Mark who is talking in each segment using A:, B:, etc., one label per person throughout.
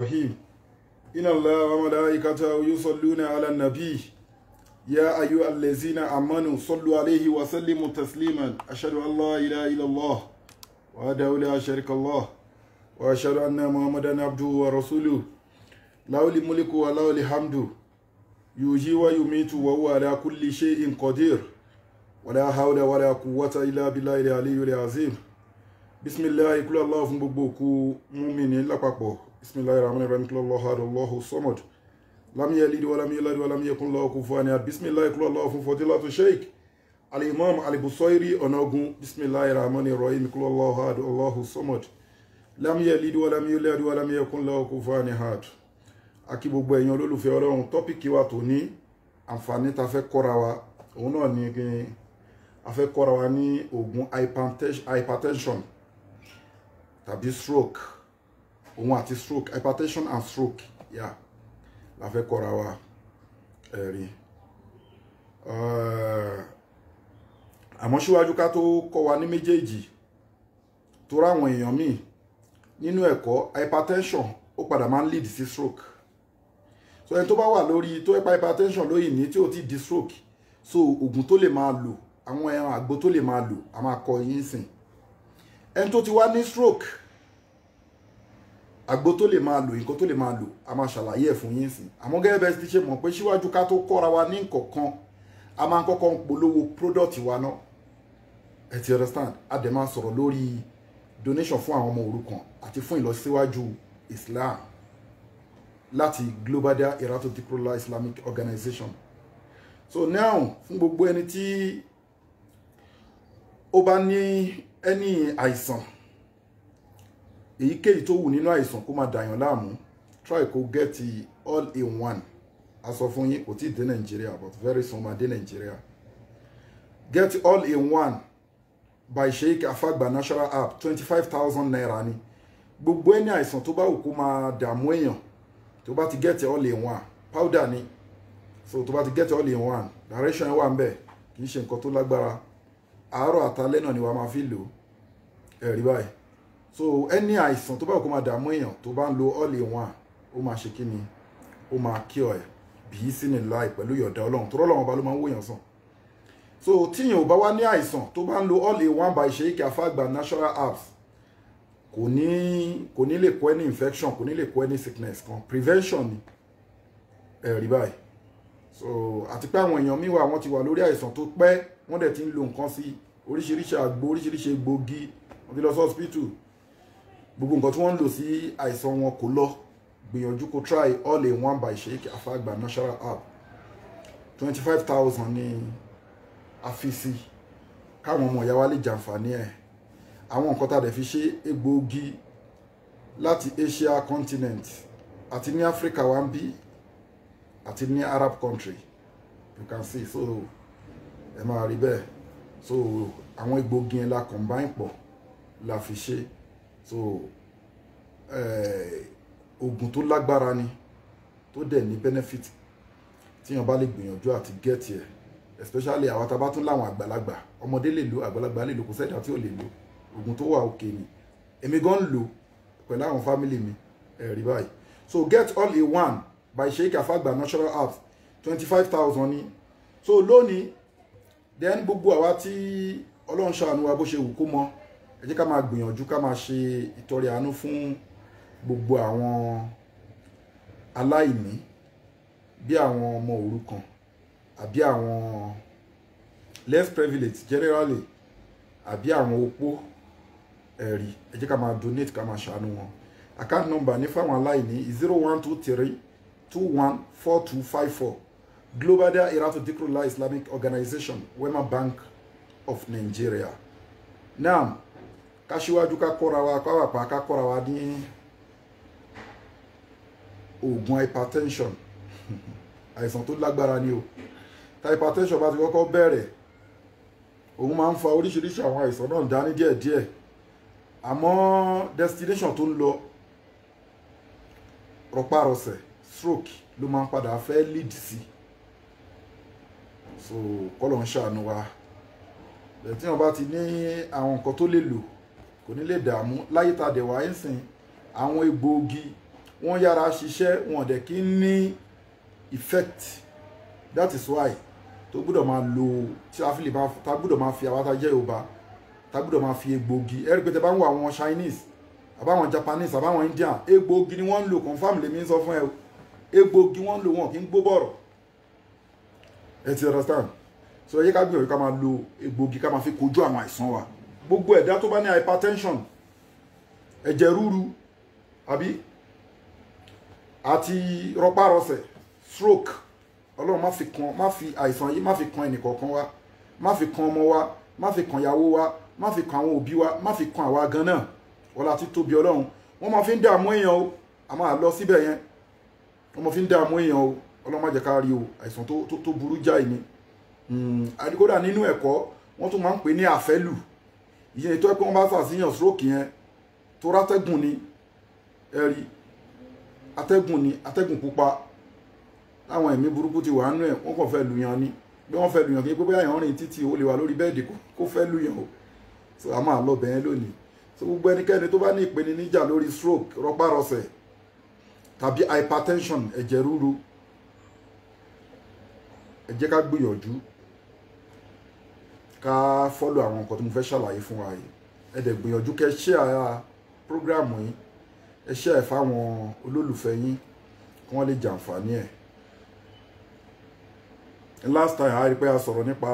A: الرحيم إن الله وملائكته يصلون على النبي يا أيها الذين آمنوا صلوا عليه وسلموا تسليما أشهد أن لا إله إلا الله وأدعو لا شريك الله وأشهد أن محمدا عبده ورسوله له الملك وله الحمد يحيي ويميت وهو على كل شيء قدير ولا حول ولا قوة إلا بالله العلي العظيم بسم الله كل الله fún gbogbo òkú múmi ní bisimilahi rahmani rahim kula allah hadu allah samad lam yalid wa lam yulad wa lam yakun lahu kufuwan ahad bisimilahi kula allah fún fadilatu sheik alimam alibusoiri ọ̀nàgún bisimilahi rahmani rahim kula allah hadu allah samad lam yalid wa lam yulad wa lam yakun lahu kufuwan ahad akí gbogbo ẹ̀yin olólùfẹ́ ọlọ́run tọ́pìkì wa tó ní àǹfààní ta fẹ́ kọ́ra wa òun náà ni a fẹ́ kọ́ra wa ní oògùn hypertension tàbí stroke òun àti stroke hypertension and stroke yà yeah. la fẹ́ kọ́ra wa ẹ̀rí eh, àmọ́ síwájú ká tó kọ́ wa ní méjèèjì tó ráwọn èèyàn míì nínú ẹ̀kọ́ hypertension ó padà máa ń lead sí stroke so ẹni tó bá wà lórí tó ẹ̀pa hypertension lóyìn ní tí ò ti di stroke so oògùn tó lè máa lò àwọn ẹran àgbo tó lè máa lò a máa kọ yín sìn ẹni tó ti wá ní stroke àgbo tó lè máa lò nǹkan tó lè máa lò a máa ṣàlàyé ẹ̀ fún yín sìn àmọ́ gẹ́gẹ́ bẹ́ẹ̀ ti ṣe mọ̀ pé síwájú ká tó kọ́ra wa ní nǹkankan a máa kọ́kọ́ ń polówó product wa náà ẹ ti understand a dẹ̀ máa sọ̀rọ̀ lórí donation fún àwọn ọmọ òrukàn àti fún ìlọsíwájú Islam láti Global Dahiratu Dhikrlahi Islamic Organization so now fún gbogbo ẹni tí ó bá ní any àìsàn èyíkéyìí tó wù nínú àìsàn kó máa dàyàn láàmú try kó get all in one a sọ fún yín kò tí ì dé nàìjíríà but very soon máa dé nàìjíríà get all in one by sheik afagba national app twenty five thousand naira ni gbogbo ẹni àìsàn tó bá wù kó máa dààmú èèyàn tó bá ti get all in one powder ni so tó bá ti get all in one direction wà ń bẹ kì í ṣe nǹkan tó lágbára àárọ̀ àtalẹ́ náà ni wàá máa fi lò ẹ̀rí báyìí so ẹni àìsàn tó bá kó máa dààmú èèyàn tó bá ń lo all in one ó máa ṣe kí ni ó máa kí ọ ẹ bí í sí ní láì pẹ̀lú ìyọ̀dá ọlọ́run tó rọ́lọ́run ọba ló máa ń wòyàn sàn so tíyàn ò bá wá ní àìsàn tó bá ń lo all in one by Sheikh Afagba natural herbs kò ní kò ní lè kó ẹni infection kò ní lè kó ẹni sickness kan prevention ni ẹ̀rí báyìí so àti pé àwọn èèyàn míì wà wọ́n ti wà lórí àìsàn tó pẹ́ wọ́n dẹ̀ ti ń lo nǹkan sí oríṣiríṣi àgbo oríṣiríṣi egbògi wọ́n ti lọ sí hospital gbogbo nǹkan tí wọ́n ń lò sí àìsàn wọn kò lọ gbìyànjú kó try all in one by Sheikh Afagba natural app twenty five thousand ní àfisì káwọn ọmọ ìyá wa lè jàǹfààní ẹ̀ àwọn nǹkan tá a dẹ̀ fi ṣe egbòogi láti Asia continent àti ní Africa wa ń bí àti ní Arab country you can see so ẹ máa rí bẹ́ẹ̀ so àwọn egbòogi yẹn la combine pọ̀ la fi ṣe so oògùn tó lágbára ni tó dẹ̀ ní benefit tíyan bá lè gbìyànjú àti get here, especially àwọn tábà tún láwọn àgbàlagbà ọmọdé lè lo àgbàlagbà lè lo kò sẹ́dá tí ò lè lo oògùn tó wà òkè ni èmi gan lò pẹ̀lú àwọn family mi ẹ̀rí báyìí so get all in one by Sheik Afagba natural herbs twenty five thousand ni so lónìí then gbogbo àwa tí ọlọ́run ṣàánú wa bó ṣe wù kó mọ́ ẹ jẹ́ ká máa gbìyànjú ká máa ṣe ìtọrẹ àánú fún gbogbo àwọn aláìní bí àwọn ọmọ òrukàn àbí àwọn less privileged generally àbí àwọn opó ẹ̀rí ẹ jẹ́ ká máa donate ká máa ṣàánú wọn account number ní fáwọn aláìní zero one two three two one four two five four Global Dahiratu Dhikrlahi Islamic Organization Wema Bank of Nigeria. Now, ká síwájú ká kọ́ra wa ká wà pa ká kọ́ra wa ní oògùn hypertension àìsàn tó lágbára ni o ta hypertension bá ti kọ́kọ́ bẹ̀rẹ̀ òun máa ń fa oríṣiríṣi àwọn àìsàn náà dání díẹ̀díẹ̀ àmọ́ destination tó ń lọ rọpárọsẹ̀ stroke ló máa ń padà fẹ́ lead sí so kọ́lọ̀ ń ṣàánú wa bẹ̀ẹ̀ tí wọ́n bá ti ní àwọn nǹkan tó lè lò kò ní lè dààmú láyé tá a dẹ̀ wá sìn àwọn egbòogi wọ́n yára ṣiṣẹ́ wọn dẹ̀ kí ní effect that is why tó gbọ́dọ̀ máa lo tí a fi lè máa ta gbọ́dọ̀ máa fi àwa jẹ́ Yorùbá ta gbọ́dọ̀ máa fi egbòogi ẹ̀rí pé tẹ bá ń wo àwọn Chinese àbáwọn Japanese àbáwọn Indian egbòogi ni wọ́n ń lò confam lèmi ń sọ fún ẹ egbòogi wọ́n ń lò wọn kì í gbó bọ̀rọ̀ ẹ ti understand so ẹ yẹ ká gbìyànjú ká máa lo egbòogi ká máa fi kojú àwọn àìsàn wa gbogbo ẹ̀dá tó bá ní hypertension ẹ̀jẹ̀ ríru àbí àti rọpárọsẹ̀ stroke ọlọ́run má fi kan má fi àìsàn yìí má fi kan ẹnìkọ̀ọ̀kan wa má fi kan ọmọ wa má fi kan ìyàwó wa má fi kan àwọn òbí wa má fi kan àwa gan náà ọlá títóbi ọlọ́run wọ́n máa fi ń dààmú èèyàn o a máa lọ síbẹ̀ yẹn wọ́n máa fi ń dààmú èèyàn o ọlọ́run má jẹ́ ká rí o àìsàn tó burú jáì ni hmm. àdìgódà nínú ẹ̀kọ́ wọ́n tún máa ń pè ní àfẹ́lù ìyẹn ètò ẹgbẹ́ wọn bá fà síyàn stroke yẹn tó rátẹ́gùn ni ẹ̀rí atẹ́gùn ni atẹ́gùn pupa láwọn ẹ̀mí burúkú ti wà nú ẹ̀ wọ́n kàn fẹ́ lùyàn ni bí wọ́n fẹ́ lùyàn kí pé bóyá ìyàn rìn títí ó lè wà lórí bẹ́ẹ̀dì kó fẹ́ lùyàn o so a máa lọ bẹ̀yẹn lónìí so gbogbo ẹnikẹ́ni tó bá ní ìpèníjà lórí stroke rọpárọsẹ̀ tàbí hypertension ẹ̀jẹ̀ ríru ẹ jẹ́ ká gbìyànjú ká fọ́lọ̀ àwọn nǹkan tó mo fẹ́ ṣàlàyé fún wa yìí ẹ dẹ̀ gbìyànjú kẹ́ ṣe àyà prógráàmù yìí ẹ ṣe ẹ̀ fáwọn olólùfẹ́ yín kí wọ́n lè jàǹfààní ẹ̀ last time a rí pé a sọ̀rọ̀ nípa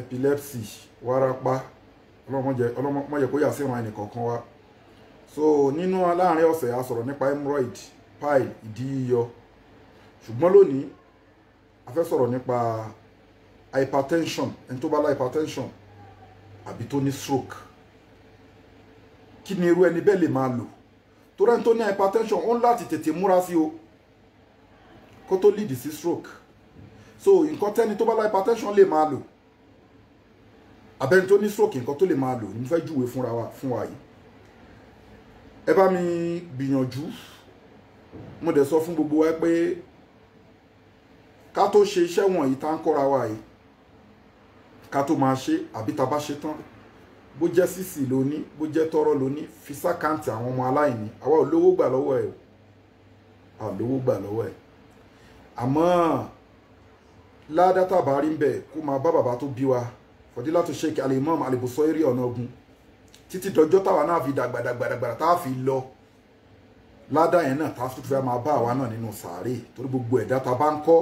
A: epilepsy wárápá ọlọ́mọdé kó yà sí ìran ẹnìkọ̀ọ̀kan wa so nínú aláàárín ọ̀sẹ̀ a sọ̀rọ̀ nípa hemorrhoid pile ìdí yíyọ ṣùgbọ́n lónìí a fẹ́ sọ̀rọ̀ nípa hypertension ẹni tó bá la hypertension àbí tó ní stroke kí ni irú ẹni bẹ́ẹ̀ lè máa lò torí ẹni tó ní hypertension ó ń láti tètè múra sí o kó tó lead sí stroke so nǹkan tẹ́ni tó bá la hypertension lè máa lò abẹ́ni tó ní stroke nǹkan tó lè máa lò ní fẹ́ júwe fúnra wa fún wa yìí ẹ bá mi gbìyànjú mo dẹ̀ sọ fún gbogbo wa pé ká tó ṣe iṣẹ́ wọ̀nyí tá ń kọ́ra wa yìí ká tó máa ṣe àbí tá a bá ṣe tán bó jẹ́ sísì ló ní bó jẹ́ tọrọ ló ní fi sákàǹtì àwọn ọmọ aláìní àwa ò lówó gbà lọ́wọ́ ẹ̀ ò lówó gbà lọ́wọ́ ẹ̀ àmọ́ ládàtà bá rí ń bẹ̀ kó máa bá bàbá tó bí wa Fọdílátù Sheikh Al-Imam Al-Busayri Ọ̀nàgún títí dọjọ́ táwa náà fi dàgbàdàgbàdàgbà tá a fi lọ ládà yẹn náà tá a fi máa bá àwa náà nínú sàárè torí gbogbo ẹ̀dá ta bá ń kọ́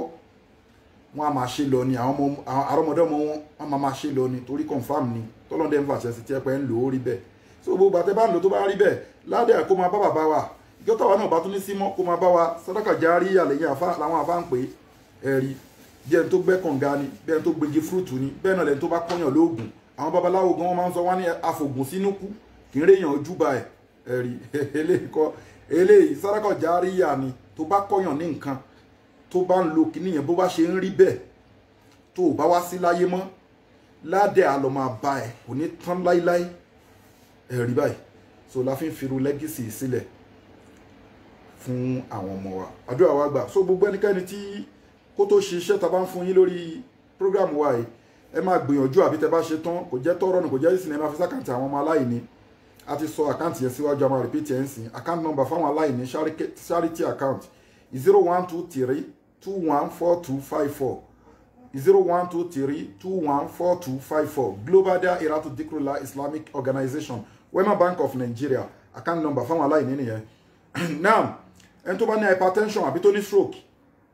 A: wọ́n a máa ṣe lọ ni àwọn ọmọ àrọ́mọdé ọmọ wọn wọ́n máa máa ṣe lọ ni torí confam ni tọ́lọ́dẹ ń fàṣẹ sí tiẹ̀ pé ń lò ó rí bẹ́ẹ̀ so gbogbo àtẹ bá ń lò tó bá rí bẹ́ẹ̀ ládẹ́ kó máa bá bàbá wa ìjọ́tọ̀ wa náà bá tún ní símọ́ kó máa bá wa sàdákà járí àlẹ́yìn àfa làwọn àfa ń pè é ẹ̀rí bí ẹni tó gbẹ́ kànga ni bí ẹni tó gbẹ́gi fúrúùtù ni bẹ́ẹ̀ náà lẹ́ni tó bá kọ́yàn lóògùn àwọn babaláwo gan wọn máa ń sọ wọn ní afògùn sínú kú kì í réyàn ojúbà ẹ̀ ẹ̀rí eléyìí sàdákà járí yà ni tó bá kọ́yàn ní nǹkan tó bá ń lo kíní yẹn bó bá ṣe ń rí bẹ́ẹ̀ tó o bá wá sí láyé mọ́ ládẹ́ àlọ́ máa bá ẹ̀ kò ní tán láíláí ẹ̀rí báyìí so la fi ń firu lẹ́gísì sílẹ̀ fún àwọn ọmọ wa àdúrà wa gbà so gbogbo ẹnikẹ́ni tí kó tó ṣiṣẹ́ ta bá ń fún yín lórí program wa yìí ẹ máa gbìyànjú àbí tẹ bá ṣe tán kò jẹ́ tọ́rọ̀ nù kò jẹ́ ìsìn ẹ máa fi sákàǹtì àwọn ọmọ aláìní a ti sọ àkáǹtì yẹn síwájú a máa repeat ẹ̀ ń sìn account number fáwọn aláìní charity account zero one two three two one four two five four zero one two three two one four two five four Global Dahiratu Dhikrlahi Islamic Organization Wema Bank of Nigeria account number fáwọn aláìní nìyẹn now ẹni tó bá ní hypertension àbí tó ní stroke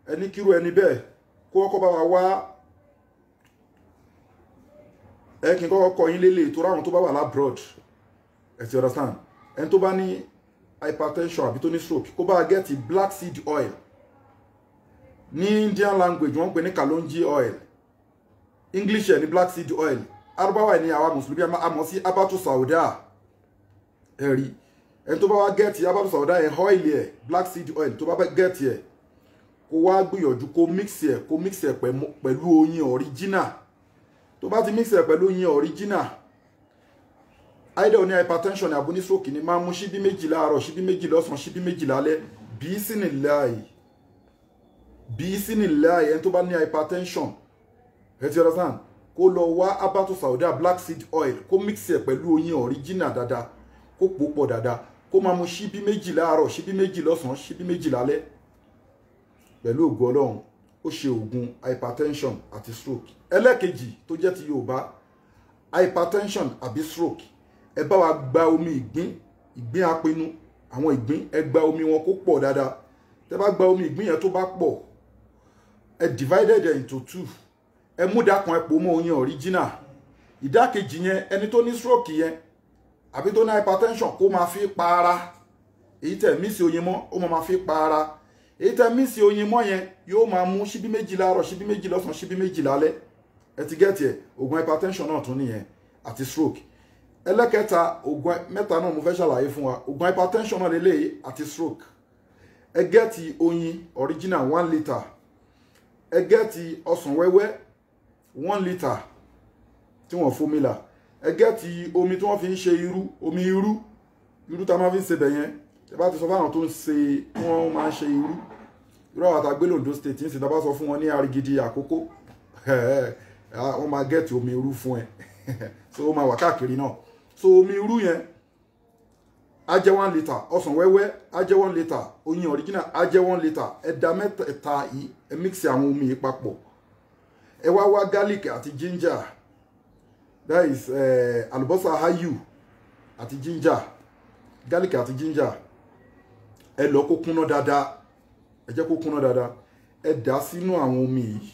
A: ẹni kírú ẹni bẹ́ẹ̀ kó ọkọ bá wa wá ẹ kí n kọ́kọ́ kọ yín lélẹ̀ tó ráwọn tó bá wà lábroad ẹ ti understand ẹni tó bá ní hypertension àbí tó ní stroke kó bá gẹ́ẹ̀tì black seed oil ní Indian language wọ́n ń pè ní kalonji oil English ẹ̀ ní black seed oil arúgbáwá ẹ̀ ní àwa mùsùlùmí àmọ́ sí abatu sauda ẹ̀rí ẹni tó bá wá gẹ́ẹ̀tì abatu sauda ẹ̀ ọ́ìlì ẹ̀ black seed oil tó bá gẹ́ẹ̀tì ẹ̀ kó wá gbìyànjú kó mix ẹ̀ kó mix ẹ̀ pẹ̀lú oyin original tó bá ti mix ẹ̀ pẹ̀lú oyin original either o ní hypertension ní abonísòkì ní máa mú ṣíbí méjì láàárọ̀ ṣíbí méjì lọ́sàn-án ṣíbí méjì lálẹ́ bí sínú láàyè bí sínìlá ẹni tó bá ní hypertension ẹ ti understand kó lọ wá abato sauda black seed oil kó mix ẹ pẹ̀lú oyin original dáadáa kó pò pọ̀ dáadáa kó máa mu ṣíbí méjì láàárọ̀ ṣíbí méjì lọ́sàn-án ṣíbí méjì lálẹ́ pẹ̀lú ògùn ọlọ́run ó ṣe ògùn hypertension àti stroke ẹlẹ́ẹ̀kejì tó jẹ́ ti yorùbá hypertension àbí stroke ẹ bá wa gba omi ìgbín ìgbín apinnu àwọn ìgbín ẹ gba omi wọn kó pọ̀ dáadáa tẹ bá gba omi ìgbín yẹn tó bá pọ̀ ẹ divided into two ẹ mú ìdá kan ẹ pò mọ́ oyin original ìdá kejì yẹn ẹni tó ní stroke yẹn àbí tó ní hypertension kó máa fi pa ara èyí tẹ̀ mí sí oyin mọ́ ó máa fi pa ara èyí tẹ̀ mí sí oyin mọ́ yẹn yóò máa mú ṣíbí méjì láàárọ̀ ṣíbí méjì lọ́sàn-án ṣíbí méjì lálẹ́ ẹ ti gẹ́ẹ̀tì ẹ̀ oògùn hypertension náà tún nìyẹn àti stroke ẹlẹ́kẹta oògùn mẹ́ta náà mo fẹ́ ṣàlàyé fún wa oògùn hypertension náà lélẹ́yìí àti stroke ẹ gẹ́ẹ̀tì oyin original one litre ẹ gẹ́ẹ̀tì ọsàn wẹ́wẹ́ one litre tí wọ́n fomi là ẹ gẹ́ẹ̀tì omi tí wọ́n fi ń ṣe irú omi irú irú tá a máa fi ń ṣe bẹ̀ yẹn ẹ bá ti sọ fáwọn tó ń ṣe tí wọ́n máa ń ṣe irú irú àwọn àtàgbé londo state ń sì tá a bá sọ fún wọn ní arigidi àkókò wọ́n máa gẹ́ẹ̀tì omi irú fún ẹ so ó máa wà káàkiri náà so omi irú yẹn á jẹ́ one litre ọsàn wẹ́wẹ́ á jẹ́ one litre oyin original á jẹ́ one litre ẹ da mẹ́tẹ̀ẹ̀ta yìí ẹ mix àwọn omi yìí papọ̀ ẹ wá wá garlic àti ginger that is uh, àlùbọ́sà ayu àti ginger garlic àti ginger ẹ lọ kó kúnná dáadáa ẹ jẹ́ kó kúnná dáadáa ẹ dà sínú àwọn omi yìí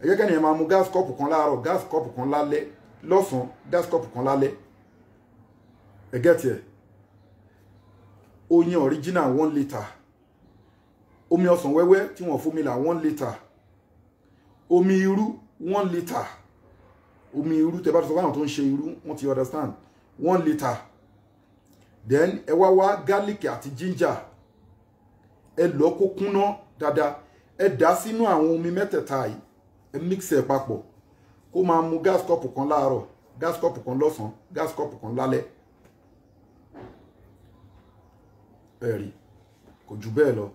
A: ẹ jẹ́ kẹ́ni ẹ máa mu gas cup kan láàárọ̀ gas cup kan lálẹ́ lọ́sàn-án gas cup kan lálẹ́ ẹ gẹ́tì ẹ̀ oyin original one liter. omi ọsàn wẹ́wẹ́ tí wọ́n fún mi là one liter. omi irú one liter. omi irú tẹ bá sọ fáwọn tó ń ṣe irú wọ́n ti understand one liter. then ẹ wá wá garlic àti ginger ẹ lọ kó kúnná dáadáa ẹ dà sínú àwọn omi mẹ́tẹ̀ẹ̀ta yìí ẹ mix ẹ papọ̀ kó máa mu gas cup kan láàárọ̀ gas cup kan lọ́sàn-án gas cup kan lálẹ́ ẹ̀rí kò jù bẹ́ẹ̀ lọ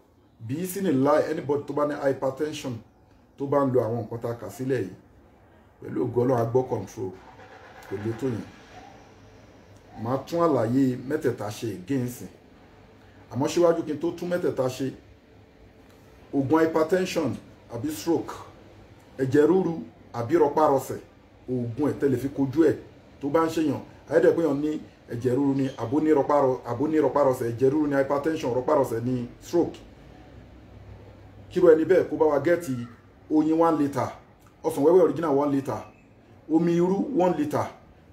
A: bí sí láì anybody tó bá ní hypertension tó bá ń lo àwọn nǹkan tá a kà sílẹ̀ yìí pẹ̀lú ògo ọlọ́run agbọ́ control kò lè tó yẹn màá tún àlàyé mẹ́tẹ̀ẹ̀ta ṣe gẹ́ǹsìn àmọ́ síwájú kí n tó tún mẹ́tẹ̀ẹ̀ta ṣe oògùn hypertension àbí stroke ẹ̀jẹ̀ ríru àbí rọpárọsẹ̀ oògùn ẹ̀ tẹ́lẹ̀ fi kojú ẹ̀ tó bá ń ṣèyàn ayédèpéyàn ní ẹ̀jẹ̀ ríru ni àbóní rọpárọsẹ̀ ẹ̀jẹ̀ ríru ni hypertension rọpárọsẹ̀ ni stroke kíló ẹni bẹ́ẹ̀ kó bá wa gẹ́ẹ̀tì oyin one litre ọsàn wẹ́wẹ́ original one litre omi irú one litre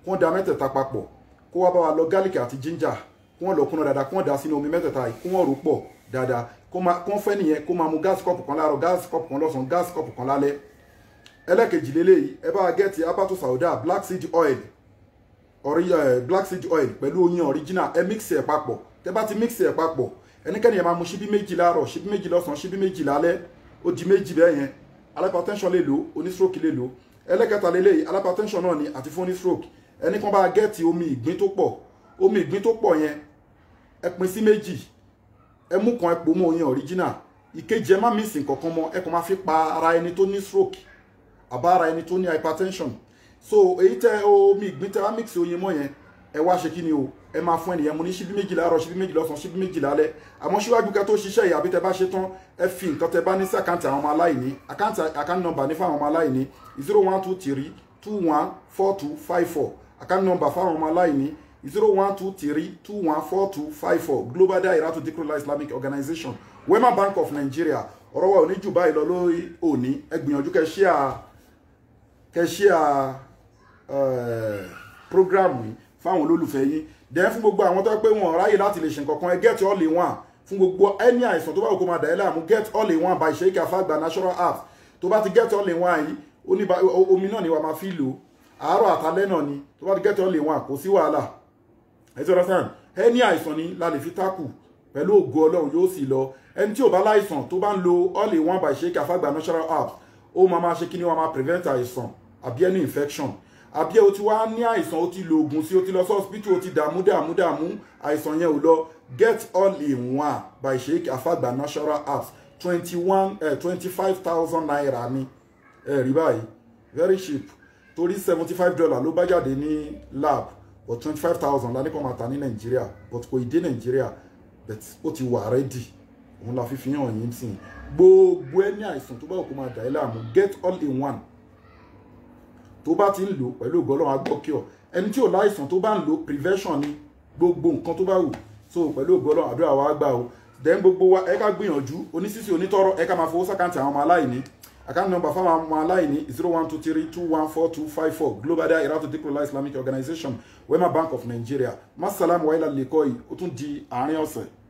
A: kí wọ́n da mẹ́tẹ̀ẹ̀ta papọ̀ kó wá bá wa lọ gálíkì àti ginger kí wọ́n lọ kúnná dáadáa kí wọ́n dà sínú omi mẹ́tẹ̀ẹ̀ta yìí kí wọ́n rò pọ̀ dáadáa kó wọ́n fẹ́ nìyẹn kó máa mu gas cup kan láàárọ̀ gas cup kan lọ́sàn-án gas cup kan lálẹ́ ẹlẹ́kejì lélẹ́yìí ẹ bá wa gẹ́ẹ̀tì apatu sauda black seed oil Eh, black seed oil pẹ̀lú oyin original ẹ mix ẹ̀ papọ̀ tẹ́ bá ti mix ẹ̀ papọ̀ ẹnikẹ́ni yẹn máa mu ṣíbí méjì láàárọ̀ ṣíbí méjì lọ́sàn-án ṣíbí méjì lálẹ́ ó di méjì bẹ́ẹ̀ yẹn alápatẹ́ńsọ̀n lè lò onístroke lè lò ẹlẹ́kẹta lélẹ́yìí alápatẹ́ńsọ̀n náà ni àti fún onístroke ẹni kan bá gẹ́ẹ̀tì omi ìgbín tó pọ̀ omi ìgbín tó pọ̀ yẹn ẹ pín sí méjì ẹ mú kan ẹ pò mọ́ oyin original ìkejì ẹ má mísìn kankan mọ́ ẹ kàn máa fi pa ara ẹni tó ní stroke àbá ara ẹni tó ní hypertension so èyí tẹ omi ìgbín tẹ wá mix oyin mọ́ yẹn ẹ wá ṣe kí ni o ẹ máa fún ẹnìyẹn mo ní ṣíbí méjì láàárọ̀ ṣíbí méjì lọ́sàn ṣíbí méjì lálẹ́ àmọ́ síwájú ká tó ṣiṣẹ́ yìí àbí tẹ bá ṣe tán ẹ fi nǹkan tẹ bá ní sí àkáǹtì àwọn ọmọ aláìní àkáǹtì àkáǹtì nọ́mbà ní fáwọn ọmọ aláìní zero one two three two one four two five four àkáǹtì nọ́mbà fáwọn ọmọ aláìní zero one two three two one four two five four Global Dahiratu Dhikrlahi Islamic Organization Wema Bank of Nigeria ọ̀rọ̀ wa ò ní jù báyìí lọ lórí òní ẹ gbìyànjú kẹ́ ṣíà kẹ́ ṣíà Eh, program yìí fáwọn olólùfẹ́ yín dẹ́n fún gbogbo àwọn tó pé wọn ráyè láti lè ṣe nǹkan ẹ get all in one fún gbogbo ẹni àìsàn tó bá wù kó máa dà ẹ́ get all in one by Sheikh Alfagba national app tó bá ti get all in one yìí omi náà ni wàá máa fi lò àárọ̀ àtàlẹ́ náà ni tó bá ti get all in one kò sí wàhálà ẹ ti ẹni àìsàn ni la lè fi tákù pẹ̀lú ògo ọlọ́run yóò sì lọ ẹni tí ò bá láìsàn tó bá ń lo all in one by Sheikh Alfagba national app ó máa máa ṣe kí ni wàá máa prevent àìsàn àbí any infection àbí o ti wá ní àìsàn o ti lo oògùn sí o ti lọ sí hospital o ti dààmú dààmú dààmú àìsàn yẹn ò lọ get all in one by sheik afagba natural apps twenty one eh, twenty five thousand naira ni ẹ rí báyìí very cheap torí seventy five dollar ló bá jáde ní lab but twenty five thousand la ní kó máa tà ní nàìjíríà but kò ì dé nàìjíríà but ó ti wà rẹ́dì òun la fi fi hàn yín sìn gbogbo ẹni àìsàn tó bá òkú máa dà í láàmú get all in one tó bá ti ń lò pẹ̀lú ògbọ́lọ́ agbọ́kíọ̀ ẹni tí ò láìsàn tó bá ń lò prevention ni gbogbo nǹkan tó bá wù so pẹ̀lú ògbọ́lọ́ àdúrà wa gbà o then gbogbo wa ẹ ká gbìyànjú oníṣíṣe onítọ́rọ ẹ ká máa fowó sàkáǹtì àwọn ọmọ aláìní account number fáwọn ọmọ aláìní zero one two three two one four two five four global dahiratu dhikrlahi islamic organization wema bank of nigeria Masalam wa ilà lẹ́kọ̀ọ́ tún di àárín ọ̀sẹ̀.